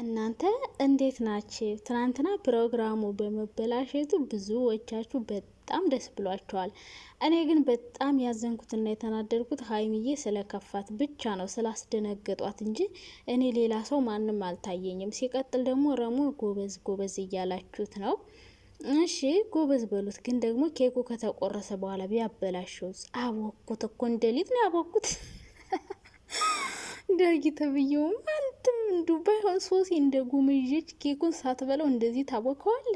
እናንተ እንዴት ናችሁ? ትናንትና ፕሮግራሙ በመበላሸቱ ብዙዎቻችሁ በጣም ደስ ብሏቸዋል። እኔ ግን በጣም ያዘንኩትና የተናደድኩት ሀይሚዬ ስለከፋት ብቻ ነው ስላስደነገጧት እንጂ እኔ ሌላ ሰው ማንም አልታየኝም። ሲቀጥል ደግሞ ረሞ ጎበዝ ጎበዝ እያላችሁት ነው። እሺ ጎበዝ በሉት፣ ግን ደግሞ ኬኩ ከተቆረሰ በኋላ ቢያበላሸው አቦኩት እኮ እንደሊት ነው ያቦኩት ዳጊ ተብዬውም እንዱ ባይሆን ሶሲ እንደ ጉምዥች ኬኩን ሳትበለው እንደዚህ ታቦከዋለ።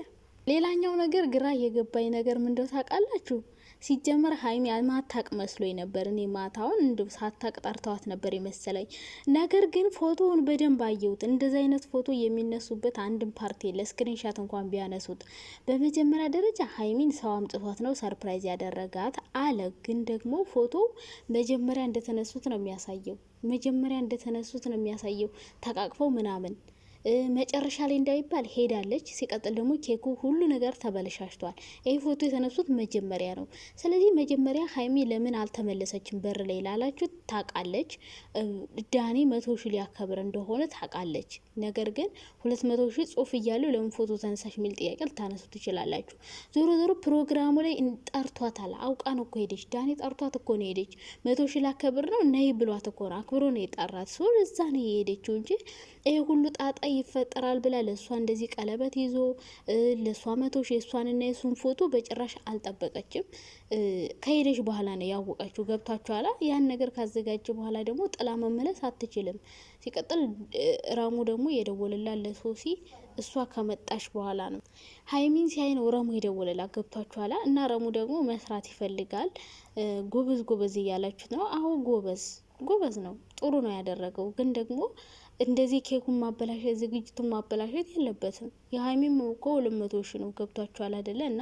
ሌላኛው ነገር ግራ የገባኝ ነገር ምንደው ታውቃላችሁ? ሲጀመር ሀይሚ ማታቅ መስሎ ነበር። እኔ ማታውን እንደው ሳታቅ ጠርተዋት ነበር የመሰለኝ። ነገር ግን ፎቶውን በደንብ አየሁት። እንደዚህ አይነት ፎቶ የሚነሱበት አንድም ፓርቲ ስክሪንሻት እንኳን ቢያነሱት። በመጀመሪያ ደረጃ ሀይሚን ሰው አምጥቷት ነው ሰርፕራይዝ ያደረጋት አለ። ግን ደግሞ ፎቶ መጀመሪያ እንደተነሱት ነው የሚያሳየው። መጀመሪያ እንደተነሱት ነው የሚያሳየው ተቃቅፈው ምናምን መጨረሻ ላይ እንዳይባል ሄዳለች። ሲቀጥል ደግሞ ኬኩ ሁሉ ነገር ተበለሻሽቷል። ይህ ፎቶ የተነሱት መጀመሪያ ነው። ስለዚህ መጀመሪያ ሀይሚ ለምን አልተመለሰችም በር ላይ ላላችሁ ታውቃለች። ዳኒ መቶ ሺ ሊያከብር እንደሆነ ታውቃለች። ነገር ግን ሁለት መቶ ሺ ጽሁፍ እያለው ለምን ፎቶ ተነሳሽ የሚል ጥያቄ ልታነሱ ትችላላችሁ። ዞሮ ዞሮ ፕሮግራሙ ላይ ጠርቷታል። አውቃ ነው እኮ ሄደች። ዳኒ ጠርቷት እኮ ነው ሄደች። መቶ ሺ ላከብር ነው ነይ ብሏት እኮ ነው አክብሮ ነው የጠራት ሰው እዛ ነው የሄደችው እንጂ ይሄ ሁሉ ጣጣ ይፈጠራል ብላ ለእሷ እንደዚህ ቀለበት ይዞ ለእሷ መቶ ሺ የእሷንና የሱን ፎቶ በጭራሽ አልጠበቀችም። ከሄደች በኋላ ነው ያወቀችው። ገብቷችኋላ? ያን ነገር ካዘጋጀ በኋላ ደግሞ ጥላ መመለስ አትችልም። ሲቀጥል ረሙ ደግሞ የደወለላት ለሶሲ እሷ ከመጣሽ በኋላ ነው። ሀይሚን ሲያይ ነው ረሙ የደወለላት። ገብቷችኋላ? እና ረሙ ደግሞ መስራት ይፈልጋል። ጎበዝ ጎበዝ እያላችሁት ነው። አሁን ጎበዝ ጎበዝ ነው፣ ጥሩ ነው ያደረገው። ግን ደግሞ እንደዚህ ኬኩን ማበላሸት ዝግጅቱን ማበላሸት የለበትም። የሀይሚም እኮ ሁለት መቶ ሺ ነው ገብቷችኋል አይደለ? እና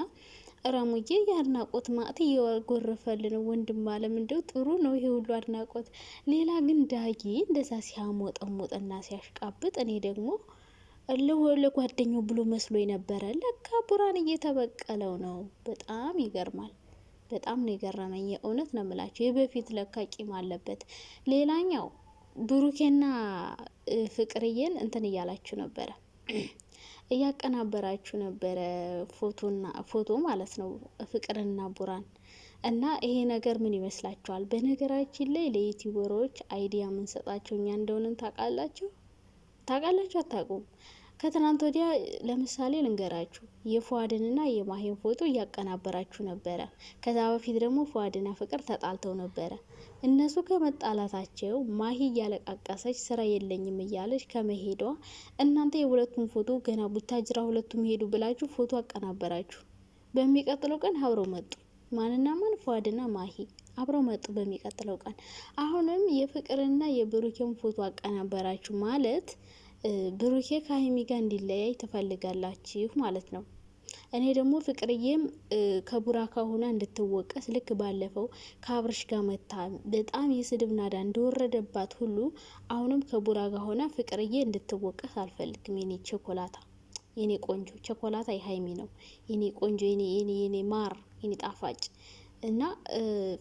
ረሙዬ የአድናቆት ማዕት እየጎረፈልን ወንድም አለም እንደው ጥሩ ነው ይሄ ሁሉ አድናቆት። ሌላ ግን ዳጊ እንደዛ ሲያሞጠሞጥና ሲያሽቃብጥ እኔ ደግሞ ለጓደኛው ብሎ መስሎ ነበረ። ለካ ቡራን እየተበቀለው ነው። በጣም ይገርማል። በጣም ነው የገረመኝ። የእውነት ነው ምላቸው። የበፊት ለካ ቂም አለበት። ሌላኛው ብሩኬና ፍቅርዬን እንትን እያላችሁ ነበረ እያቀናበራችሁ ነበረ ፎቶና ፎቶ ማለት ነው ፍቅርና ቡራን እና ይሄ ነገር ምን ይመስላችኋል? በነገራችን ላይ ለዩቲዩበሮች አይዲያ ምንሰጣቸው እኛ እንደሆንን ታውቃላችሁ ታውቃላችሁ አታውቁም? ከትናንት ወዲያ ለምሳሌ ልንገራችሁ የፏድንና የማሄን ፎቶ እያቀናበራችሁ ነበረ። ከዛ በፊት ደግሞ ፏድና ፍቅር ተጣልተው ነበረ። እነሱ ከመጣላታቸው ማሂ እያለቃቀሰች ስራ የለኝም እያለች ከመሄዷ እናንተ የሁለቱም ፎቶ ገና ቡታጅራ ሁለቱም ሄዱ ብላችሁ ፎቶ አቀናበራችሁ። በሚቀጥለው ቀን አብረው መጡ። ማንና ማን? ፏድና ማሂ አብረው መጡ። በሚቀጥለው ቀን አሁንም የፍቅርና የብሩኬን ፎቶ አቀናበራችሁ ማለት ብሩኬ ከሀይሚ ጋር እንዲለያይ ትፈልጋላችሁ ማለት ነው። እኔ ደግሞ ፍቅርዬም ከቡራ ከሆነ እንድትወቀስ ልክ ባለፈው ከአብርሽ ጋር መታ በጣም የስድብ ናዳ እንደወረደባት ሁሉ አሁንም ከቡራ ጋር ሆና ፍቅርዬ እንድትወቀስ አልፈልግም። የኔ ቸኮላታ፣ የኔ ቆንጆ ቸኮላታ የሀይሚ ነው። የኔ ቆንጆ፣ የኔ የኔ ማር፣ የኔ ጣፋጭ እና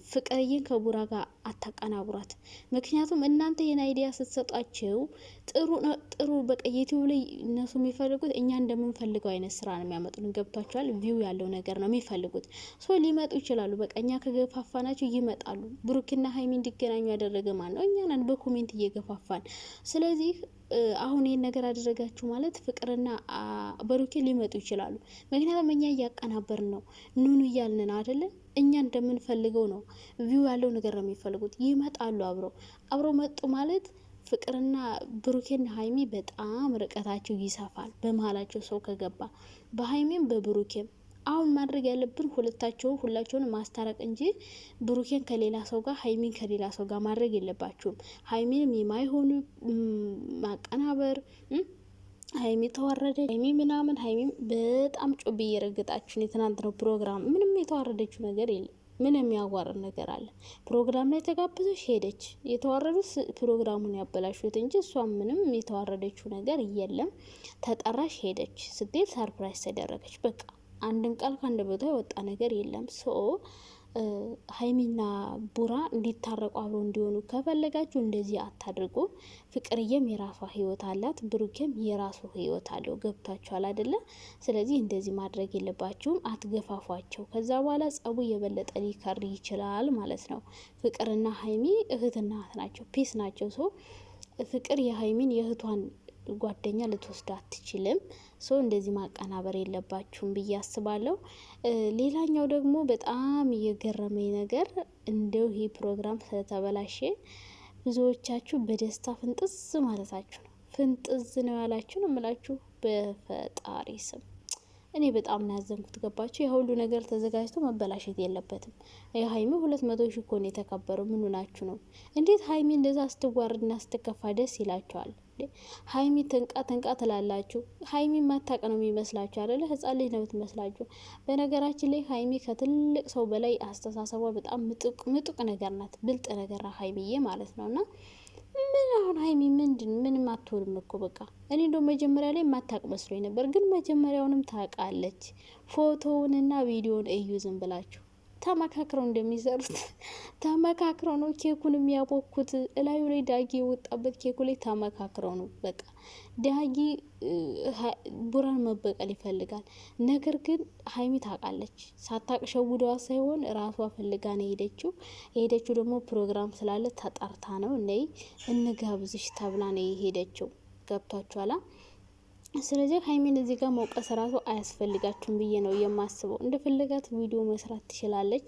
ፍቅርዬን ከቡራ ጋር አታቀናብሯት። ምክንያቱም እናንተ ይህን አይዲያ ስትሰጧቸው ጥሩ ጥሩ በቃ ዩቲዩብ ላይ እነሱ የሚፈልጉት እኛ እንደምንፈልገው አይነት ስራ ነው የሚያመጡን። ገብቷቸዋል። ቪው ያለው ነገር ነው የሚፈልጉት። ሶ ሊመጡ ይችላሉ። በቃ እኛ ከገፋፋ ናቸው ይመጣሉ። ብሩክና ሀይሚ እንዲገናኙ ያደረገ ማን ነው? እኛ ነን፣ በኮሜንት እየገፋፋን ስለዚህ አሁን ይህን ነገር አደረጋችሁ ማለት ፍቅርና ብሩኬ ሊመጡ ይችላሉ። ምክንያቱም እኛ እያቀናበርን ነው፣ ኑኑ እያልን ነው እኛ እንደምንፈልገው ነው። ቪው ያለው ነገር ነው የሚፈልጉት። ይመጣሉ አብሮ አብሮ መጡ ማለት ፍቅርና ብሩኬን ሀይሚ በጣም ርቀታቸው ይሰፋል። በመሀላቸው ሰው ከገባ በሀይሜም በብሩኬም አሁን ማድረግ ያለብን ሁለታቸውን ሁላቸውን ማስታረቅ እንጂ ብሩኬን ከሌላ ሰው ጋር ሀይሚን ከሌላ ሰው ጋር ማድረግ የለባችሁም። ሀይሚንም የማይሆኑ ማቀናበር ሀይሚ ተዋረደ፣ ሀይሚ ምናምን፣ ሀይሚ በጣም ጮብ እየረገጣችሁ የትናንትነው ፕሮግራም ምንም የተዋረደችው ነገር የለም። ምን የሚያዋርድ ነገር አለ? ፕሮግራም ላይ ተጋብዘሽ ሄደች። የተዋረዱት ፕሮግራሙን ያበላሹት እንጂ እሷ ምንም የተዋረደችው ነገር የለም። ተጠራሽ ሄደች ስትል ሰርፕራይዝ ተደረገች። በቃ አንድን ቃል ከአንድ ቦታ የወጣ ነገር የለም። ሶ ሀይሚና ቡራ እንዲታረቁ አብሮ እንዲሆኑ ከፈለጋችሁ እንደዚህ አታድርጉ። ፍቅርዬም የራሷ ህይወት አላት፣ ብሩኬም የራሱ ህይወት አለው። ገብታችኋል አይደለ? ስለዚህ እንደዚህ ማድረግ የለባችሁም። አትገፋፏቸው። ከዛ በኋላ ጸቡ የበለጠ ሊከር ይችላል ማለት ነው። ፍቅርና ሀይሚ እህትና እህት ናቸው፣ ፒስ ናቸው። ሰው ፍቅር የሀይሚን የእህቷን ጓደኛ ልትወስድ አትችልም። ሶ እንደዚህ ማቀናበር የለባችሁም ብዬ አስባለሁ። ሌላኛው ደግሞ በጣም የገረመኝ ነገር እንደው ይሄ ፕሮግራም ስለተበላሸ ብዙዎቻችሁ በደስታ ፍንጥዝ ማለታችሁ ነው። ፍንጥዝ ነው ያላችሁ ነው የምላችሁ በፈጣሪ ስም እኔ በጣም ነው ያዘንኩት። ገባችሁ? ያ ሁሉ ነገር ተዘጋጅቶ መበላሸት የለበትም። ሀይሚ ሁለት መቶ ሺ እኮ ነው የተከበረው። ምኑ ናችሁ ነው? እንዴት ሀይሚ እንደዛ አስትዋርድና አስትከፋ ደስ ይላቸዋል? ሀይሚ ትንቃ ትንቃ ትላላችሁ። ሀይሚ ማታቅ ነው የሚመስላችሁ አይደለ? ህጻን ልጅ ነው የምትመስላችሁ። በነገራችን ላይ ሀይሚ ከትልቅ ሰው በላይ አስተሳሰቧ በጣም ምጡቅ ነገር ናት። ብልጥ ነገር ናት ሀይሚዬ ማለት ነው እና ምን አሁን ሀይሚ ምንድን ምንም አትሆንም እኮ በቃ። እኔ እንደው መጀመሪያ ላይ ማታቅ መስሎኝ ነበር፣ ግን መጀመሪያውንም ታውቃለች። ፎቶውንና ቪዲዮን እዩ ዝም ብላችሁ ተመካክረው እንደሚሰሩት ተመካክረው ነው ኬኩን የሚያቦኩት። እላዩ ላይ ዳጊ የወጣበት ኬኩ ላይ ተመካክረው ነው። በቃ ዳጊ ቡራን መበቀል ይፈልጋል። ነገር ግን ሀይሚ ታውቃለች። ሳታቅ ሳይሆን ራሷ ፈልጋ ነው የሄደችው። የሄደችው ደግሞ ፕሮግራም ስላለ ተጠርታ ነው። ነይ እንጋብዝሽ ተብላ ነው የሄደችው። ገብቷችኋላ? ስለዚህ ሀይሚን እዚህ ጋር መውቀስ ራሱ አያስፈልጋችሁም ብዬ ነው የማስበው። እንደፈለጋት ቪዲዮ መስራት ትችላለች።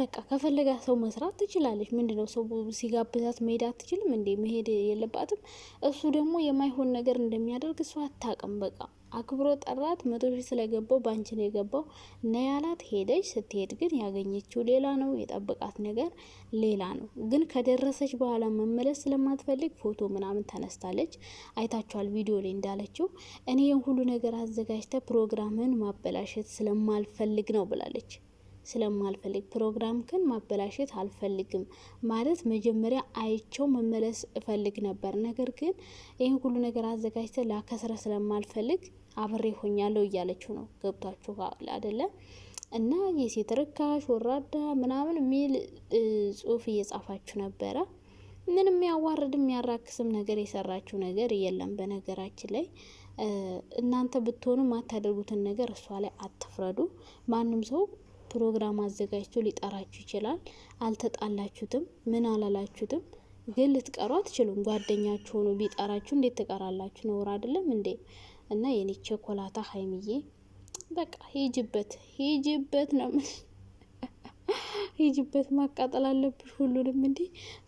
በቃ ከፈለጋት ሰው መስራት ትችላለች። ምንድነው ሰው ሲጋብዛት መሄድ አትችልም እንዴ? መሄድ የለባትም። እሱ ደግሞ የማይሆን ነገር እንደሚያደርግ እሱ አታውቅም። በቃ አክብሮ ጠራት። መቶ ሺህ ስለገባው ባንቺ ነው የገባው እና ያላት ሄደች። ስትሄድ ግን ያገኘችው ሌላ ነው፣ የጠበቃት ነገር ሌላ ነው። ግን ከደረሰች በኋላ መመለስ ስለማትፈልግ ፎቶ ምናምን ተነስታለች። አይታችኋል ቪዲዮ ላይ እንዳለችው እኔ ሁሉ ነገር አዘጋጅተ ፕሮግራምን ማበላሸት ስለማልፈልግ ነው ብላለች። ስለማልፈልግ ግን ማበላሸት አልፈልግም ማለት መጀመሪያ አይቸው መመለስ እፈልግ ነበር። ነገር ግን ይህን ሁሉ ነገር አዘጋጅተ ላከስረ ስለማልፈልግ አብሬ ሆኛለሁ እያለችው ነው። ገብቷችሁ አደለ? እና የሴት ርካሽ ወራዳ ምናምን የሚል ጽሁፍ እየጻፋችሁ ነበረ። ምንም ያዋርድ የሚያራክስም ነገር የሰራችው ነገር የለም። በነገራችን ላይ እናንተ ብትሆኑ ማታደርጉትን ነገር እሷ ላይ አትፍረዱ። ማንም ሰው ፕሮግራም አዘጋጅቶ ሊጠራችሁ ይችላል። አልተጣላችሁትም፣ ምን አላላችሁትም፣ ግን ልትቀሩ አትችሉም። ጓደኛችሁ ሆኖ ቢጠራችሁ እንዴት ትቀራላችሁ? ነውር አይደለም እንዴ? እና የኔ ቸኮላታ ሀይሚዬ በቃ ሂጅበት፣ ሂጅበት ነው ምን ሂጅበት። ማቃጠል አለብሽ ሁሉንም። እንዲ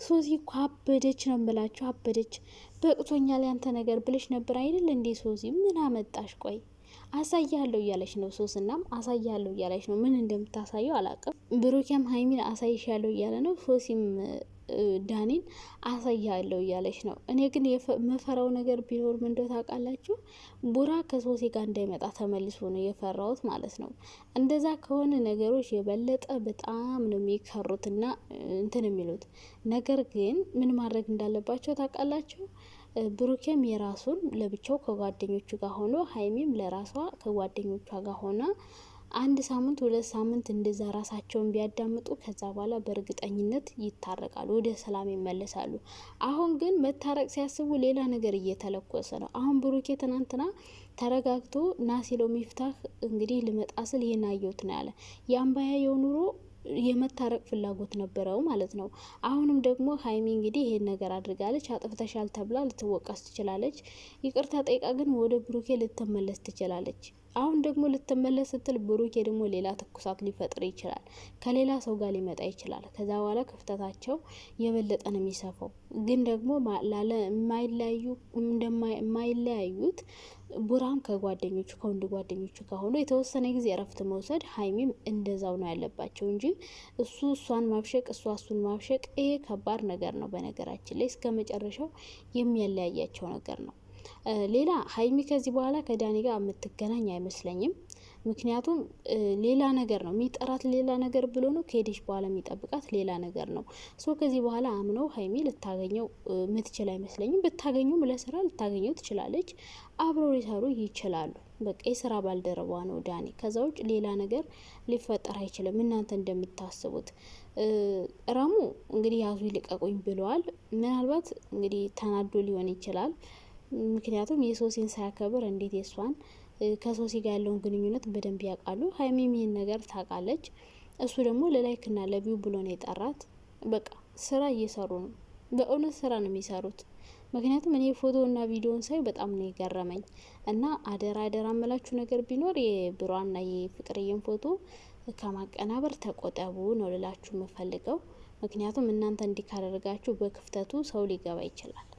ሶሲ እኮ አበደች ነው ምላችሁ፣ አበደች። በቅቶኛል ያንተ ነገር ብለሽ ነበር አይደል እንዴ ሶሲ? ምን አመጣሽ? ቆይ አሳያለሁ እያለች ነው። ሶስናም አሳያለሁ እያለች ነው። ምን እንደምታሳየው አላቅም። ብሩኪያም ሀይሚን አሳይሻለሁ እያለ ነው። ሶሲም ዳኒን አሳያለሁ እያለች ነው። እኔ ግን የምፈራው ነገር ቢኖር ምንደ ታውቃላችሁ፣ ቡራ ከሶሴ ጋር እንዳይመጣ ተመልሶ ነው የፈራሁት ማለት ነው። እንደዛ ከሆነ ነገሮች የበለጠ በጣም ነው የሚከሩትና እንትን የሚሉት ነገር ግን ምን ማድረግ እንዳለባቸው ታውቃላችሁ ብሩኬም የራሱን ለብቻው ከጓደኞቹ ጋር ሆኖ ሀይሚም ለራሷ ከጓደኞቿ ጋር ሆና አንድ ሳምንት ሁለት ሳምንት እንደዛ ራሳቸውን ቢያዳምጡ ከዛ በኋላ በእርግጠኝነት ይታረቃሉ፣ ወደ ሰላም ይመለሳሉ። አሁን ግን መታረቅ ሲያስቡ ሌላ ነገር እየተለኮሰ ነው። አሁን ብሩኬ ትናንትና ተረጋግቶ ና ሲለው ሚፍታህ እንግዲህ ልመጣ ስል ይህን አየሁት ነው ያለ የአምባያ ኑሮ የመታረቅ ፍላጎት ነበረው ማለት ነው። አሁንም ደግሞ ሀይሚ እንግዲህ ይሄን ነገር አድርጋለች፣ አጥፍተሻል ተብላ ልትወቀስ ትችላለች። ይቅርታ ጠይቃ ግን ወደ ብሩኬ ልትመለስ ትችላለች። አሁን ደግሞ ልትመለስ ስትል ብሩኬ ደግሞ ሌላ ትኩሳት ሊፈጥር ይችላል። ከሌላ ሰው ጋር ሊመጣ ይችላል። ከዛ በኋላ ክፍተታቸው የበለጠ ነው የሚሰፋው። ግን ደግሞ እንደማይለያዩት ቡራም ከጓደኞቹ ከወንድ ጓደኞቹ ከሆኑ የተወሰነ ጊዜ እረፍት መውሰድ፣ ሀይሚም እንደዛው ነው ያለባቸው እንጂ እሱ እሷን ማብሸቅ እሷ እሱን ማብሸቅ ይሄ ከባድ ነገር ነው። በነገራችን ላይ እስከ መጨረሻው የሚያለያያቸው ነገር ነው። ሌላ ሀይሚ ከዚህ በኋላ ከዳኒ ጋር የምትገናኝ አይመስለኝም። ምክንያቱም ሌላ ነገር ነው የሚጠራት፣ ሌላ ነገር ብሎ ነው ከሄደች በኋላ የሚጠብቃት ሌላ ነገር ነው። ሶ ከዚህ በኋላ አምነው ሀይሚ ልታገኘው የምትችል አይመስለኝም። ብታገኘውም ለስራ ልታገኘው ትችላለች፣ አብረው ሊሰሩ ይችላሉ። በቃ የስራ ባልደረባ ነው ዳኒ። ከዛ ውጭ ሌላ ነገር ሊፈጠር አይችልም። እናንተ እንደምታስቡት ረሙ እንግዲህ ያዙ ይልቀቁኝ ብለዋል። ምናልባት እንግዲህ ተናዶ ሊሆን ይችላል። ምክንያቱም የሶሲን ሳያከብር እንዴት የእሷን ከሶሲ ጋር ያለውን ግንኙነት በደንብ ያውቃሉ። ሀይሚም ይህን ነገር ታውቃለች። እሱ ደግሞ ለላይክና ለቪው ብሎ ነው የጠራት። በቃ ስራ እየሰሩ ነው። በእውነት ስራ ነው የሚሰሩት። ምክንያቱም እኔ ፎቶና ቪዲዮን ሳይ በጣም ነው የገረመኝ። እና አደራ አደራ መላችሁ ነገር ቢኖር የብሯና የፍቅርየን ፎቶ ከማቀናበር ተቆጠቡ ነው ልላችሁ የምፈልገው። ምክንያቱም እናንተ እንዲህ ካደረጋችሁ በክፍተቱ ሰው ሊገባ ይችላል።